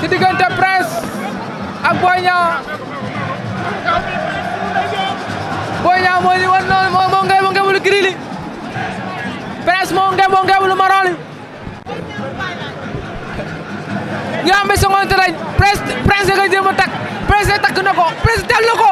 ci diggante Prince ak Boy Niang Boy Niang moo ñu wan noonu moo moo ngeen moo ngeen wul gris li Prince moo ngeen moo ngeen wul marron li ñu am ba songante lañ Prince Prince da nga jéem a takk Prince takk na ko Prince dal na ko.